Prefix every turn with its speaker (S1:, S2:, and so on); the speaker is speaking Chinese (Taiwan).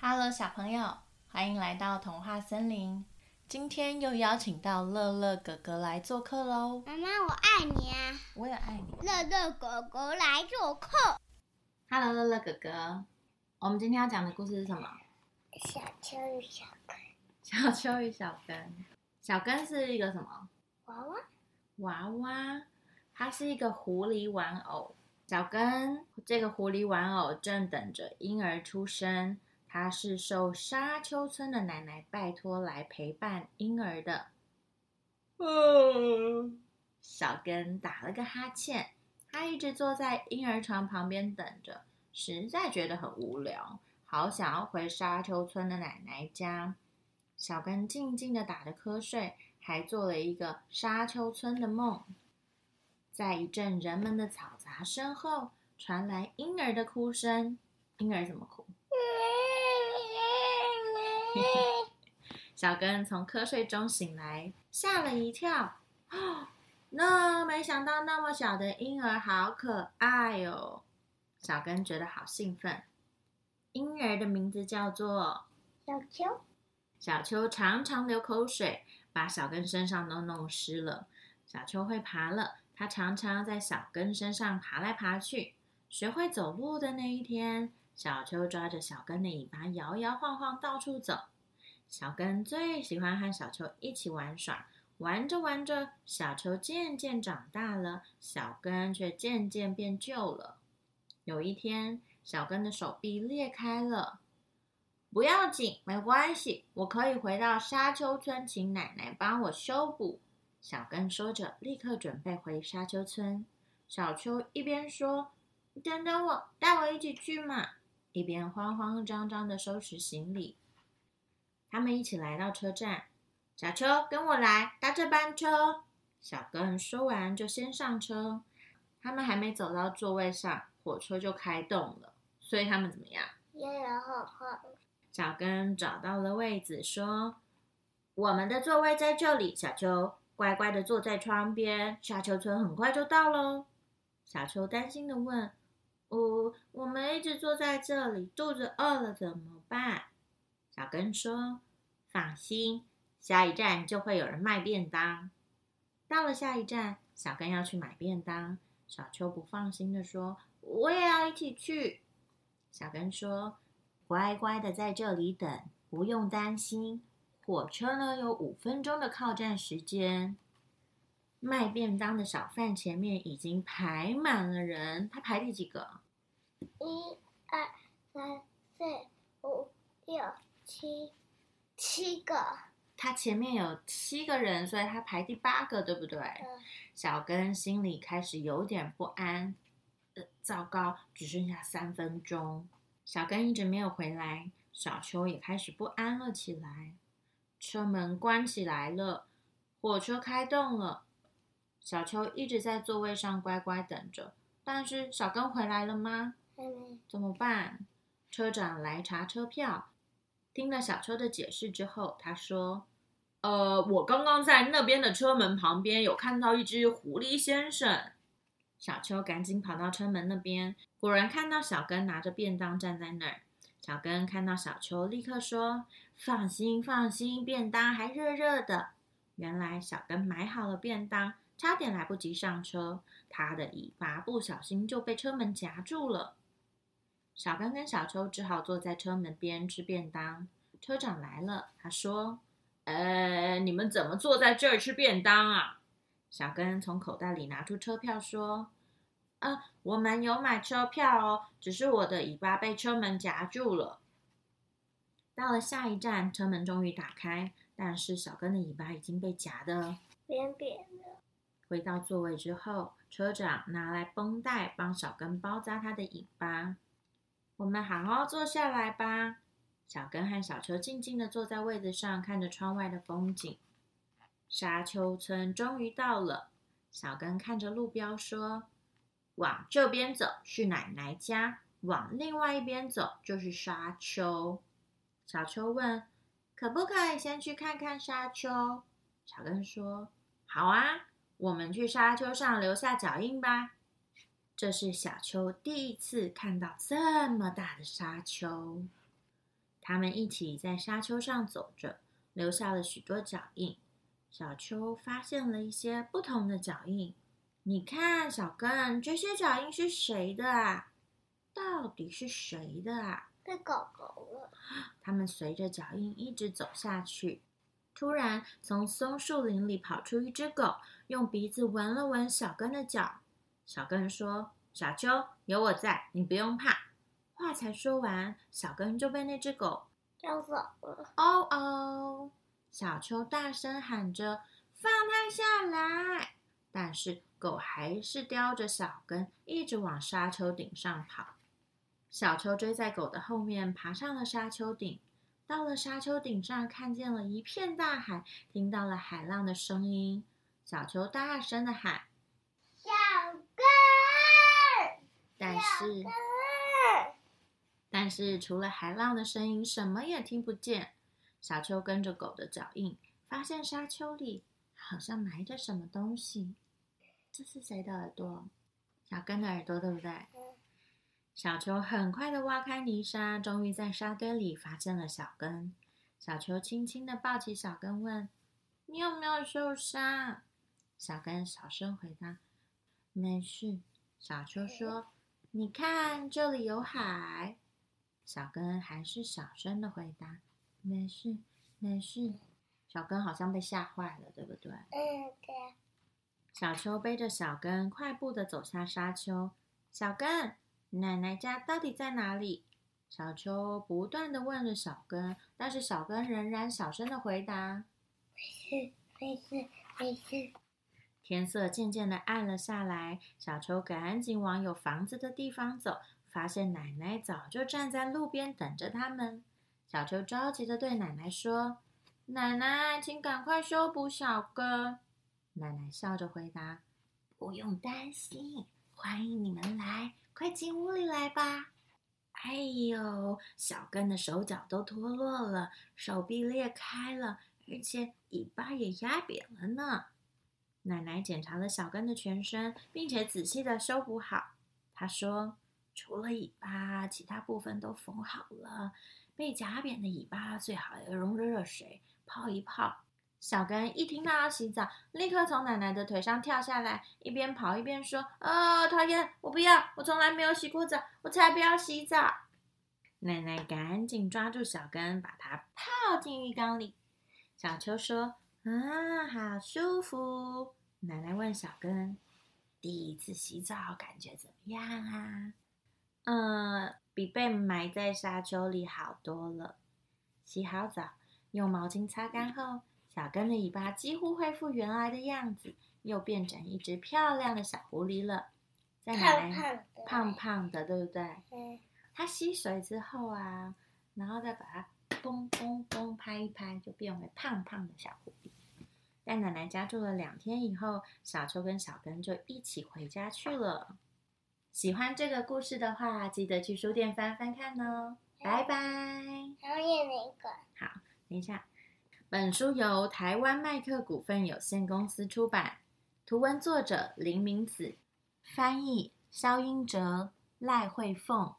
S1: Hello，小朋友，歡迎來到童話森林。今天又邀請到樂樂哥哥來做客嘍！媽媽，我愛你啊！我也愛你。樂樂哥哥來做客。Hello，樂樂哥哥，我們今天要講的故事是什麼？小秋與小根。小秋與小根，小根是一個什麼？娃娃。娃娃，它是一個狐狸玩偶。小根這個狐狸玩偶正等着嬰兒出生。他是受沙丘村的奶奶拜託來陪伴嬰兒的。嗯、哦，小根打了個哈欠，他一直坐在嬰兒床旁邊等着，實在覺得很無聊，好想要回沙丘村的奶奶家。小根靜靜的打着瞌睡，還做了一個沙丘村的夢。在一陣人們的嘈雜聲後，傳來嬰兒的哭聲。嬰兒怎麼哭？ 小根從瞌睡中醒來，嚇了一跳，哦。那沒想到那麼小的嬰兒好可愛哦！小根覺得好興奮。嬰兒的名字叫做小秋。小秋常常流口水，把小根身上都弄濕了。小秋會爬了，它常常在小根身上爬來爬去，學會走路的那一天，小秋抓着小根的尾巴，搖搖晃晃到處走。小根最喜歡和小秋一起玩耍，玩着玩着，小秋漸漸長大了，小根卻漸漸變舊了。有一天，小根的手臂裂開了，不要緊，沒關係，我可以回到沙丘村，請奶奶幫我修補。小根說着，立刻準備回沙丘村。小秋一邊說：“你等等我，帶我一起去嘛。”一邊慌慌張張的收拾行李。他們一起來到車站。小秋，跟我來，搭這班車。小根說完就先上車。他們還沒走到座位上，火車就開動了。所以他們怎麼樣？也好，小根找到了位子，說：“我們的座位在這裡。小”小秋乖乖的坐在窗邊。沙丘村很快就到嘍。小秋擔心的問：“哦。一直坐在這裡，肚子餓了怎麼辦？小根說：“放心，下一站就會有人賣便當。”到了下一站，小根要去買便當，小秋不放心地說：“我也要一起去。”小根說：“乖乖的在這裡等，不用擔心。火車呢有五分鐘的靠站時間。賣便當的小販前面已經排滿了人，他排第幾個？”一、二、三、四、五、六、七，七個。他前面有七個人，所以他排第八個，對不對？嗯。小根心裡開始有點不安，呃，糟糕，只剩下三分鐘。小根一直沒有回來，小秋也開始不安了起來。車門關起來了，火車開動了。小秋一直在座位上乖乖等着，但是小根回來了嗎？怎麼辦？車長來查車票。聽了小秋的解釋之後，他說：“呃，我剛剛在那邊的車門旁邊有看到一隻狐狸先生。”小秋趕緊跑到車門那邊，果然看到小根拿着便當站在那兒。小根看到小秋，立刻說：“放心，放心，便當還熱熱的。”原來小根買好了便當，差點來不及上車，他的尾巴不小心就被車門夾住了。小根跟小秋只好坐在車門邊吃便當。車長來了，他說：“呃、哎，你們怎麼坐在這兒吃便當啊？”小根從口袋裡拿出車票說：“啊，我們有買車票哦，只是我的尾巴被車門夾住了。”到了下一站，車門終於打開，但是小根的尾巴已經被夾得扁扁的。回到座位之後，車長拿來繃帶，帶幫小根包紮他的尾巴。我們好好坐下來吧。小根和小秋靜靜的坐在位子上，看着窗外的風景。沙丘村終於到了。小根看着路標說：“往這邊走是奶奶家，往另外一邊走就是沙丘。”小秋問：“可不可以先去看看沙丘？”小根說：“好啊，我們去沙丘上留下腳印吧。”這是小秋第一次看到這麼大的沙丘。他們一起在沙丘上走着，留下了許多腳印。小秋發現了一些不同的腳印。你看，小根，這些腳印是誰的啊？到底是誰的啊？被狗狗了。他們隨着腳印一直走下去，突然從松樹林裡跑出一隻狗，用鼻子聞了聞小根的腳。小根說：“小秋，有我在，你不用怕。”話才說完，小根就被那只狗叼走了。哦哦！小秋大聲喊着：“放他下來！”但是狗還是叼着小根，一直往沙丘頂上跑。小秋追在狗的後面，爬上了沙丘頂。到了沙丘頂上，看見了一片大海，聽到了海浪的聲音。小秋大聲地喊。但是，但是除了海浪的聲音，什麼也聽不見。小秋跟着狗的腳印，發現沙丘裡好像埋着什麼東西。這是誰的耳朵？小根的耳朵，對不對？小秋很快的挖開泥沙，終於在沙堆裡發現了小根。小秋輕輕的抱起小根，問：“你有沒有受傷？”小根小聲回答：“沒事。”小秋說。你看，這裡有海。小根還是小聲的回答：“沒事，沒事。”小根好像被嚇壞了，對不對？嗯，對。小秋背着小根，快步地走下沙丘。小根，奶奶家到底在哪裡？小秋不斷地問着小根，但是小根仍然小聲的回答：“沒事，沒事，沒事。”天色漸漸地暗了下來，小秋趕緊往有房子的地方走，發現奶奶早就站在路邊等着他們。小秋着急地對奶奶說：“奶奶，請趕快修補小根。”奶奶笑着回答：“不用擔心，歡迎你們來，快進屋裡來吧。”哎呦，小根的手腳都脫落了，手臂裂開了，而且尾巴也壓扁了呢。奶奶檢查了小根的全身，並且仔細的修補好。她說：“除了尾巴，其他部分都縫好了。被夾扁的尾巴最好要用熱水泡一泡。”小根一聽到要洗澡，立刻從奶奶的腿上跳下來，一邊跑一邊說：“哦，討厭！我不要！我從來沒有洗過澡，我才不要洗澡！”奶奶趕緊抓住小根，把它泡進浴缸裡。小秋說。啊，好舒服！奶奶問小根：“第一次洗澡感覺怎麼樣啊？”“嗯，比被埋在沙丘裡好多了。”洗好澡，用毛巾擦乾後，小根的尾巴幾乎恢復原來的樣子，又變成一隻漂亮的小狐狸了。
S2: 再奶奶，胖胖
S1: 的，胖胖的，對不對？它、嗯、吸水之後啊，然後再把它咚咚咚拍一拍，就變為胖胖的小狐狸。在奶奶家住了兩天以後，小秋跟小根就一起回家去了。喜歡這個故事的話，記得去書店翻翻看哦。拜拜。一個？好，等一下。本書由台灣麥克股份有限公司出版，圖文作者林明子，翻譯肖英哲、賴惠鳳。